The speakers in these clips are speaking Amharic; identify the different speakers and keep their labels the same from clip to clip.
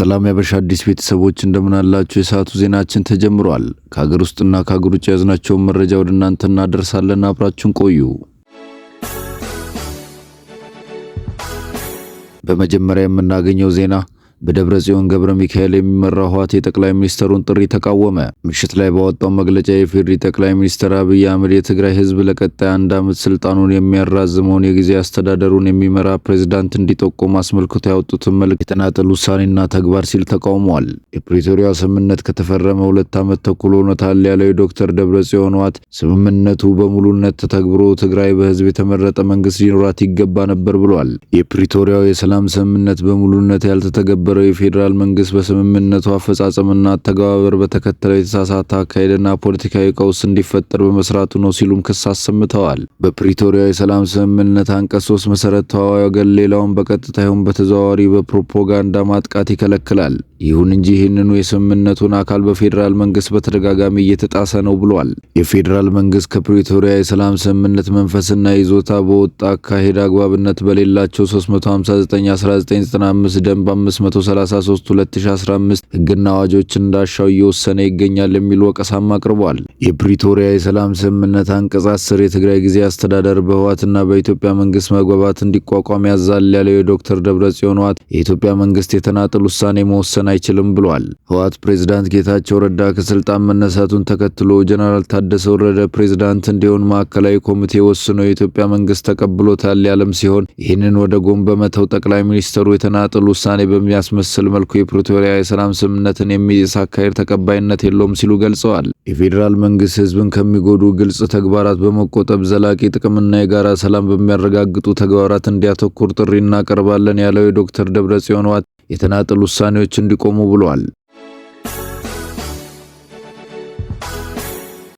Speaker 1: ሰላም ያበሻ አዲስ ቤተሰቦች አላችሁ? የሰዓቱ ዜናችን ተጀምሯል። ከሀገር ውስጥና ከሀገር ውጭ የያዝናቸውን መረጃ ወደ እናንተ እናደርሳለን። አብራችሁን ቆዩ። በመጀመሪያ የምናገኘው ዜና በደብረ ጽዮን ገብረ ሚካኤል የሚመራው ህወሓት የጠቅላይ ሚኒስትሩን ጥሪ ተቃወመ። ምሽት ላይ ባወጣው መግለጫ የፌዴሪ ጠቅላይ ሚኒስትር አብይ አህመድ የትግራይ ህዝብ ለቀጣይ አንድ ዓመት ስልጣኑን የሚያራዝመውን የጊዜ አስተዳደሩን የሚመራ ፕሬዝዳንት እንዲጠቆም አስመልክቶ ያወጡትን መልክ የተናጠል ውሳኔና ተግባር ሲል ተቃውሟል። የፕሪቶሪያ ስምምነት ከተፈረመ ሁለት ዓመት ተኩል ሆኖታል ያለው የዶክተር ደብረ ጽዮን ህወሓት ስምምነቱ በሙሉነት ተተግብሮ ትግራይ በህዝብ የተመረጠ መንግስት ሊኖራት ይገባ ነበር ብሏል። የፕሪቶሪያው የሰላም ስምምነት በሙሉነት ያልተተገበ የነበረው የፌዴራል መንግስት በስምምነቱ አፈጻጸምና አተገባበር በተከተለው የተሳሳተ አካሄድና ፖለቲካዊ ቀውስ እንዲፈጠር በመስራቱ ነው ሲሉም ክስ አሰምተዋል። በፕሪቶሪያ የሰላም ስምምነት አንቀጽ ሶስት መሰረት ተዋዋይ ወገን ሌላውን በቀጥታ ይሁን በተዘዋዋሪ በፕሮፓጋንዳ ማጥቃት ይከለክላል። ይሁን እንጂ ይህንኑ የስምምነቱን አካል በፌዴራል መንግስት በተደጋጋሚ እየተጣሰ ነው ብሏል። የፌዴራል መንግስት ከፕሪቶሪያ የሰላም ስምምነት መንፈስና ይዞታ በወጣ አካሄድ አግባብነት በሌላቸው 3591995 ደንብ 5332015 ህግና አዋጆች እንዳሻው እየወሰነ ይገኛል የሚል ወቀሳም አቅርቧል። የፕሪቶሪያ የሰላም ስምምነት አንቀጽ የትግራይ ጊዜ አስተዳደር በህወሓትና በኢትዮጵያ መንግስት መግባባት እንዲቋቋም ያዛል ያለው የዶክተር ደብረጽዮን ህወሓት የኢትዮጵያ መንግስት የተናጥል ውሳኔ መወሰን አይችልም ብሏል። ህወሓት ፕሬዝዳንት ጌታቸው ረዳ ከስልጣን መነሳቱን ተከትሎ ጀነራል ታደሰ ወረደ ፕሬዝዳንት እንዲሆን ማዕከላዊ ኮሚቴ ወስኖ የኢትዮጵያ መንግስት ተቀብሎታል ያለም ሲሆን ይህንን ወደ ጎን በመተው ጠቅላይ ሚኒስተሩ የተናጥል ውሳኔ በሚያስመስል መልኩ የፕሪቶሪያ የሰላም ስምምነትን የሚጥስ አካሄድ ተቀባይነት የለውም ሲሉ ገልጸዋል። የፌዴራል መንግስት ህዝብን ከሚጎዱ ግልጽ ተግባራት በመቆጠብ ዘላቂ ጥቅምና የጋራ ሰላም በሚያረጋግጡ ተግባራት እንዲያተኩር ጥሪ እናቀርባለን ያለው የዶክተር ደብረ ጽዮን የተናጠል ውሳኔዎች እንዲቆሙ ብሏል።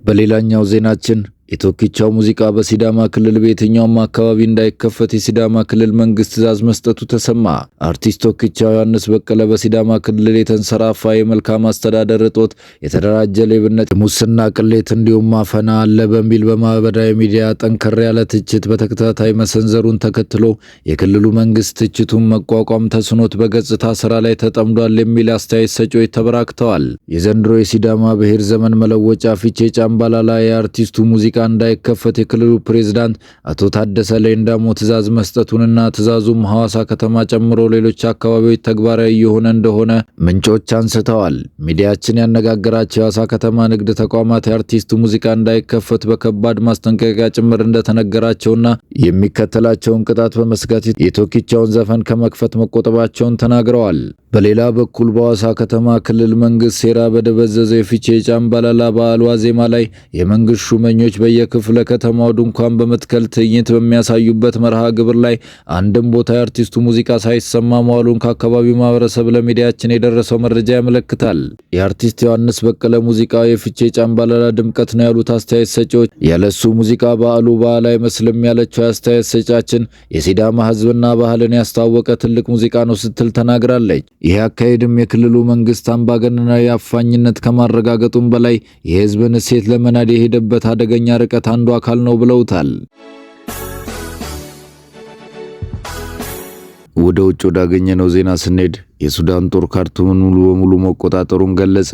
Speaker 1: በሌላኛው ዜናችን የቶኪቻ ሙዚቃ በሲዳማ ክልል በየትኛውም አካባቢ እንዳይከፈት የሲዳማ ክልል መንግስት ትዕዛዝ መስጠቱ ተሰማ። አርቲስት ቶኪቻ ዮሐንስ በቀለ በሲዳማ ክልል የተንሰራፋ የመልካም አስተዳደር እጦት፣ የተደራጀ ሌብነት፣ የሙስና ቅሌት እንዲሁም ማፈና አለ በሚል በማህበራዊ ሚዲያ ጠንከር ያለ ትችት በተከታታይ መሰንዘሩን ተከትሎ የክልሉ መንግስት ትችቱን መቋቋም ተስኖት በገጽታ ስራ ላይ ተጠምዷል የሚል አስተያየት ሰጪዎች ተበራክተዋል። የዘንድሮ የሲዳማ ብሔር ዘመን መለወጫ ፊቼ ጫምባላላ የአርቲስቱ ሙዚቃ ፋብሪካ እንዳይከፈት የክልሉ ፕሬዝዳንት አቶ ታደሰ ሌንዳሞ ትእዛዝ መስጠቱንና ትእዛዙም ሐዋሳ ከተማ ጨምሮ ሌሎች አካባቢዎች ተግባራዊ እየሆነ እንደሆነ ምንጮች አንስተዋል። ሚዲያችን ያነጋገራቸው የሐዋሳ ከተማ ንግድ ተቋማት የአርቲስቱ ሙዚቃ እንዳይከፈት በከባድ ማስጠንቀቂያ ጭምር እንደተነገራቸውና የሚከተላቸውን ቅጣት በመስጋት የቶኪቻውን ዘፈን ከመክፈት መቆጠባቸውን ተናግረዋል። በሌላ በኩል በሐዋሳ ከተማ ክልል መንግስት ሴራ በደበዘዘው የፊቼ ጫምባላላ በዓል ዋዜማ ላይ የመንግስት ሹመኞች በየክፍለ ከተማው ድንኳን በመትከል ትዕይንት በሚያሳዩበት መርሃ ግብር ላይ አንድም ቦታ የአርቲስቱ ሙዚቃ ሳይሰማ መዋሉን ከአካባቢው ማህበረሰብ ለሚዲያችን የደረሰው መረጃ ያመለክታል። የአርቲስት ዮሐንስ በቀለ ሙዚቃ የፍቼ ጫምባላላ ድምቀት ነው ያሉት አስተያየት ሰጪዎች ያለሱ ሙዚቃ በዓሉ በዓል አይመስልም ያለችው አስተያየት ሰጫችን የሲዳማ ህዝብና ባህልን ያስተዋወቀ ትልቅ ሙዚቃ ነው ስትል ተናግራለች። ይህ አካሄድም የክልሉ መንግስት አምባገነናዊ አፋኝነት ከማረጋገጡም በላይ የህዝብን እሴት ለመናድ የሄደበት አደገኛ ርቀት አንዱ አካል ነው ብለውታል። ወደ ውጭ ወዳገኘነው ዜና ስንሄድ የሱዳን ጦር ካርቱምን ሙሉ በሙሉ መቆጣጠሩን ገለጸ።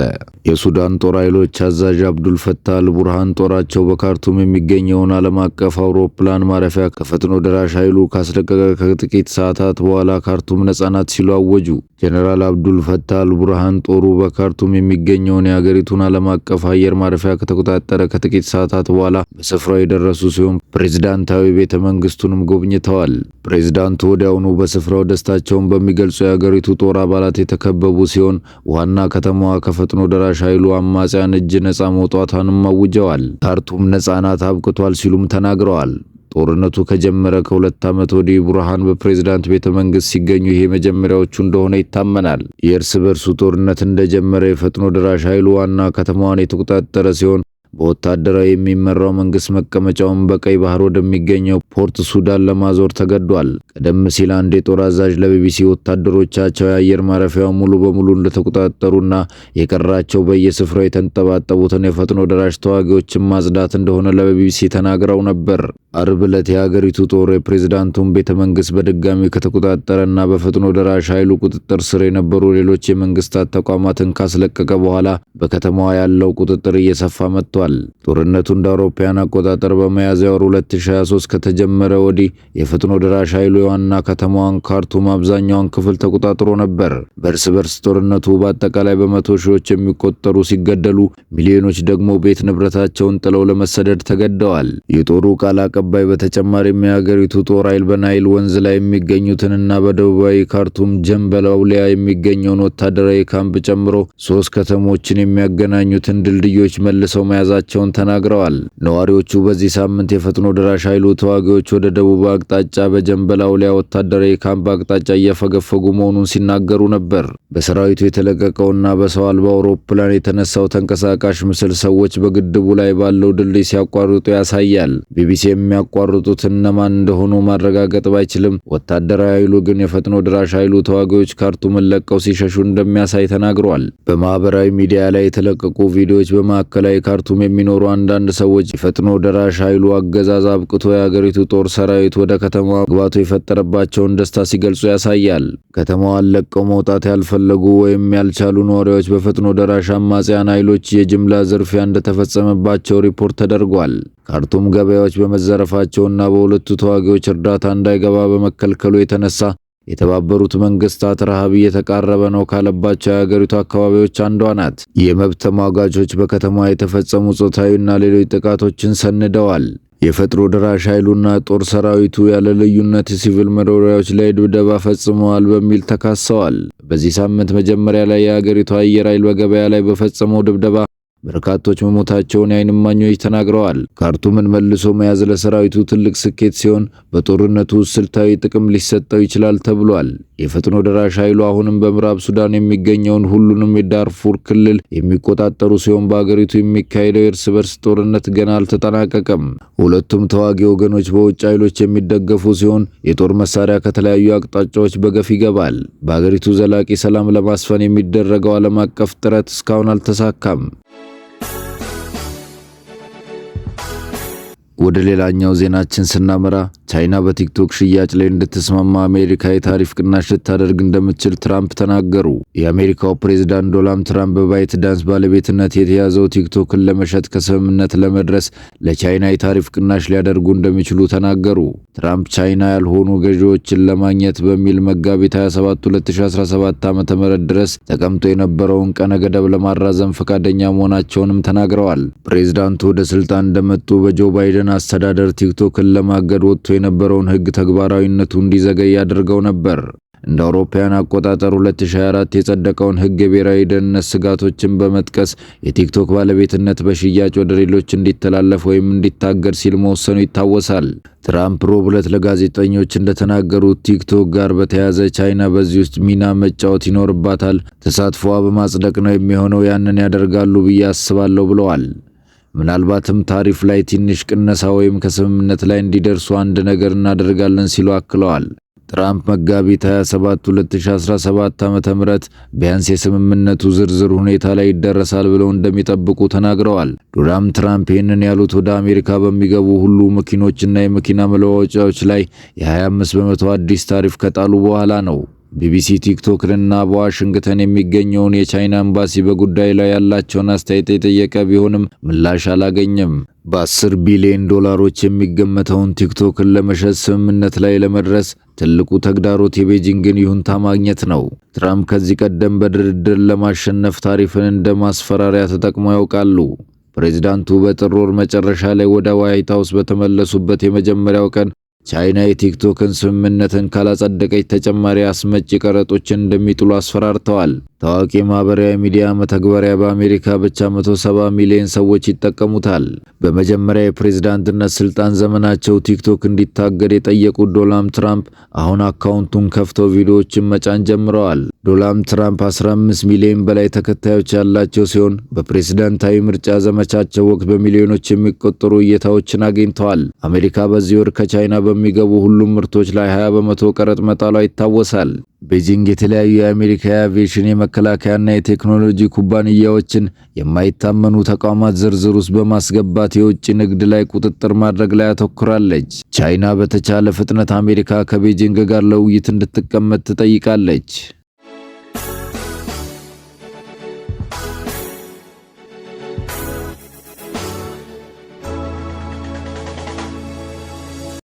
Speaker 1: የሱዳን ጦር ኃይሎች አዛዥ አብዱል ፈታህ አልቡርሃን ጦራቸው በካርቱም የሚገኘውን ዓለም አቀፍ አውሮፕላን ማረፊያ ከፈጥኖ ደራሽ ኃይሉ ካስለቀቀ ከጥቂት ሰዓታት በኋላ ካርቱም ነፃ ናት ሲሉ አወጁ። ጀኔራል አብዱል ፈታህ አልቡርሃን ጦሩ በካርቱም የሚገኘውን የአገሪቱን ዓለም አቀፍ አየር ማረፊያ ከተቆጣጠረ ከጥቂት ሰዓታት በኋላ በስፍራው የደረሱ ሲሆን ፕሬዝዳንታዊ ቤተ መንግስቱንም ጎብኝተዋል። ፕሬዚዳንቱ ወዲያውኑ በስፍ በስፍራው ደስታቸውን በሚገልጹ የአገሪቱ ጦር አባላት የተከበቡ ሲሆን ዋና ከተማዋ ከፈጥኖ ደራሽ ኃይሉ አማጽያን እጅ ነፃ መውጣቷንም አውጀዋል። ካርቱም ነፃ ናት አብቅቷል ሲሉም ተናግረዋል። ጦርነቱ ከጀመረ ከሁለት ዓመት ወዲህ ቡርሃን በፕሬዝዳንት ቤተ መንግስት ሲገኙ ይሄ መጀመሪያዎቹ እንደሆነ ይታመናል። የእርስ በርሱ ጦርነት እንደጀመረ የፈጥኖ ደራሽ ኃይሉ ዋና ከተማዋን የተቆጣጠረ ሲሆን በወታደራዊ የሚመራው መንግስት መቀመጫውን በቀይ ባህር ወደሚገኘው ፖርት ሱዳን ለማዞር ተገዷል። ቀደም ሲል አንድ የጦር አዛዥ ለቢቢሲ ወታደሮቻቸው የአየር ማረፊያ ሙሉ በሙሉ እንደተቆጣጠሩና የቀራቸው በየስፍራው የተንጠባጠቡትን የፈጥኖ ደራሽ ተዋጊዎችን ማጽዳት እንደሆነ ለቢቢሲ ተናግረው ነበር። አርብ ዕለት የሀገሪቱ ጦር የፕሬዝዳንቱን ቤተ መንግስት በድጋሚ ከተቆጣጠረና በፈጥኖ ደራሽ ኃይሉ ቁጥጥር ስር የነበሩ ሌሎች የመንግስታት ተቋማትን ካስለቀቀ በኋላ በከተማዋ ያለው ቁጥጥር እየሰፋ መጥቷል። ጦርነቱ እንደ አውሮፓውያን አቆጣጠር በመያዝ ወር 2023 ከተጀመረ ወዲህ የፈጥኖ ደራሽ ኃይሉ የዋና ከተማዋን ካርቱም አብዛኛውን ክፍል ተቆጣጥሮ ነበር። በእርስ በርስ ጦርነቱ በአጠቃላይ በመቶ ሺዎች የሚቆጠሩ ሲገደሉ፣ ሚሊዮኖች ደግሞ ቤት ንብረታቸውን ጥለው ለመሰደድ ተገደዋል። የጦሩ ቃል አቀባይ በተጨማሪም የሀገሪቱ ጦር ኃይል በናይል ወንዝ ላይ የሚገኙትንና በደቡባዊ ካርቱም ጀንበላውሊያ የሚገኘውን ወታደራዊ ካምፕ ጨምሮ ሶስት ከተሞችን የሚያገናኙትን ድልድዮች መልሰው መያዛቸውን ተናግረዋል። ነዋሪዎቹ በዚህ ሳምንት የፈጥኖ ደራሽ ኃይሉ ተዋጊ ተዋጊዎች ወደ ደቡብ አቅጣጫ በጀንበላው ላይ ወታደራዊ ካምፕ አቅጣጫ እየፈገፈጉ መሆኑን ሲናገሩ ነበር። በሰራዊቱ የተለቀቀውና በሰው አልባ አውሮፕላን የተነሳው ተንቀሳቃሽ ምስል ሰዎች በግድቡ ላይ ባለው ድልድይ ሲያቋርጡ ያሳያል። ቢቢሲ የሚያቋርጡት እነማን እንደሆኑ ማረጋገጥ ባይችልም ወታደራዊ ኃይሉ ግን የፈጥኖ ድራሽ ኃይሉ ተዋጊዎች ካርቱምን ለቀው ሲሸሹ እንደሚያሳይ ተናግሯል። በማህበራዊ ሚዲያ ላይ የተለቀቁ ቪዲዮዎች በማዕከላዊ ካርቱም የሚኖሩ አንዳንድ ሰዎች የፈጥኖ ደራሽ ኃይሉ አገዛዝ አብቅቶ የአገሪቱ የሀገሪቱ ጦር ሰራዊት ወደ ከተማዋ መግባቱ የፈጠረባቸውን ደስታ ሲገልጹ ያሳያል። ከተማዋን ለቀው መውጣት ያልፈለጉ ወይም ያልቻሉ ነዋሪዎች በፈጥኖ ደራሽ አማጽያን ኃይሎች የጅምላ ዝርፊያ እንደተፈጸመባቸው ሪፖርት ተደርጓል። ካርቱም ገበያዎች በመዘረፋቸውና በሁለቱ ተዋጊዎች እርዳታ እንዳይገባ በመከልከሉ የተነሳ የተባበሩት መንግስታት ረሃብ እየተቃረበ ነው ካለባቸው የአገሪቱ አካባቢዎች አንዷ ናት። የመብት ተሟጋቾች በከተማ የተፈጸሙ ጾታዊና ሌሎች ጥቃቶችን ሰንደዋል። የፈጥኖ ደራሽ ኃይሉና ጦር ሰራዊቱ ያለ ልዩነት የሲቪል መኖሪያዎች ላይ ድብደባ ፈጽመዋል በሚል ተካሰዋል። በዚህ ሳምንት መጀመሪያ ላይ የአገሪቱ አየር ኃይል በገበያ ላይ በፈጸመው ድብደባ በርካቶች መሞታቸውን የዓይን እማኞች ተናግረዋል። ካርቱምን መልሶ መያዝ ለሰራዊቱ ትልቅ ስኬት ሲሆን፣ በጦርነቱ ስልታዊ ጥቅም ሊሰጠው ይችላል ተብሏል። የፈጥኖ ደራሽ ኃይሉ አሁንም በምዕራብ ሱዳን የሚገኘውን ሁሉንም የዳርፉር ክልል የሚቆጣጠሩ ሲሆን በአገሪቱ የሚካሄደው የእርስ በርስ ጦርነት ገና አልተጠናቀቀም። ሁለቱም ተዋጊ ወገኖች በውጭ ኃይሎች የሚደገፉ ሲሆን የጦር መሳሪያ ከተለያዩ አቅጣጫዎች በገፍ ይገባል። በአገሪቱ ዘላቂ ሰላም ለማስፈን የሚደረገው ዓለም አቀፍ ጥረት እስካሁን አልተሳካም። ወደ ሌላኛው ዜናችን ስናመራ ቻይና በቲክቶክ ሽያጭ ላይ እንድትስማማ አሜሪካ የታሪፍ ቅናሽ ልታደርግ እንደምትችል ትራምፕ ተናገሩ። የአሜሪካው ፕሬዝዳንት ዶናልድ ትራምፕ በባይት ዳንስ ባለቤትነት የተያዘው ቲክቶክን ለመሸጥ ከስምምነት ለመድረስ ለቻይና የታሪፍ ቅናሽ ሊያደርጉ እንደሚችሉ ተናገሩ። ትራምፕ ቻይና ያልሆኑ ገዢዎችን ለማግኘት በሚል መጋቢት 27 2017 ዓ ም ድረስ ተቀምጦ የነበረውን ቀነ ገደብ ለማራዘም ፈቃደኛ መሆናቸውንም ተናግረዋል። ፕሬዚዳንቱ ወደ ስልጣን እንደመጡ በጆ ባይደን የሱዳን አስተዳደር ቲክቶክን ለማገድ ወጥቶ የነበረውን ሕግ ተግባራዊነቱ እንዲዘገይ አድርገው ነበር። እንደ አውሮፓውያን አቆጣጠር 2024 የጸደቀውን ሕግ የብሔራዊ ደህንነት ስጋቶችን በመጥቀስ የቲክቶክ ባለቤትነት በሽያጭ ወደ ሌሎች እንዲተላለፍ ወይም እንዲታገድ ሲል መወሰኑ ይታወሳል። ትራምፕ ሮብ ዕለት ለጋዜጠኞች እንደተናገሩት ቲክቶክ ጋር በተያያዘ ቻይና በዚህ ውስጥ ሚና መጫወት ይኖርባታል። ተሳትፎዋ በማጽደቅ ነው የሚሆነው። ያንን ያደርጋሉ ብዬ አስባለሁ ብለዋል። ምናልባትም ታሪፍ ላይ ትንሽ ቅነሳ ወይም ከስምምነት ላይ እንዲደርሱ አንድ ነገር እናደርጋለን ሲሉ አክለዋል። ትራምፕ መጋቢት 27 2017 ዓ ም ቢያንስ የስምምነቱ ዝርዝር ሁኔታ ላይ ይደረሳል ብለው እንደሚጠብቁ ተናግረዋል። ዶናልድ ትራምፕ ይህንን ያሉት ወደ አሜሪካ በሚገቡ ሁሉ መኪኖችና የመኪና መለዋወጫዎች ላይ የ25 በመቶ አዲስ ታሪፍ ከጣሉ በኋላ ነው። ቢቢሲ ቲክቶክንና በዋሽንግተን የሚገኘውን የቻይና ኤምባሲ በጉዳዩ ላይ ያላቸውን አስተያየት የጠየቀ ቢሆንም ምላሽ አላገኘም። በ10 ቢሊዮን ዶላሮች የሚገመተውን ቲክቶክን ለመሸጥ ስምምነት ላይ ለመድረስ ትልቁ ተግዳሮት የቤጂንግን ይሁንታ ማግኘት ነው። ትራምፕ ከዚህ ቀደም በድርድር ለማሸነፍ ታሪፍን እንደ ማስፈራሪያ ተጠቅመው ያውቃሉ። ፕሬዚዳንቱ በጥር ወር መጨረሻ ላይ ወደ ዋይት ሀውስ በተመለሱበት የመጀመሪያው ቀን ቻይና የቲክቶክን ስምምነትን ካላጸደቀች ተጨማሪ አስመጪ ቀረጦችን እንደሚጥሉ አስፈራርተዋል። ታዋቂ ማህበራዊ ሚዲያ መተግበሪያ በአሜሪካ ብቻ 170 ሚሊዮን ሰዎች ይጠቀሙታል። በመጀመሪያ የፕሬዝዳንትነት ስልጣን ዘመናቸው ቲክቶክ እንዲታገድ የጠየቁት ዶናልድ ትራምፕ አሁን አካውንቱን ከፍተው ቪዲዮዎችን መጫን ጀምረዋል። ዶናልድ ትራምፕ 15 ሚሊዮን በላይ ተከታዮች ያላቸው ሲሆን በፕሬዝዳንታዊ ምርጫ ዘመቻቸው ወቅት በሚሊዮኖች የሚቆጠሩ እይታዎችን አግኝተዋል። አሜሪካ በዚህ ወር ከቻይና በ በሚገቡ ሁሉም ምርቶች ላይ 20 በመቶ ቀረጥ መጣሏ ይታወሳል። ቤጂንግ የተለያዩ የአሜሪካ የአቪዬሽን የመከላከያና የቴክኖሎጂ ኩባንያዎችን የማይታመኑ ተቋማት ዝርዝር ውስጥ በማስገባት የውጭ ንግድ ላይ ቁጥጥር ማድረግ ላይ አተኩራለች። ቻይና በተቻለ ፍጥነት አሜሪካ ከቤጂንግ ጋር ለውይይት እንድትቀመጥ ትጠይቃለች።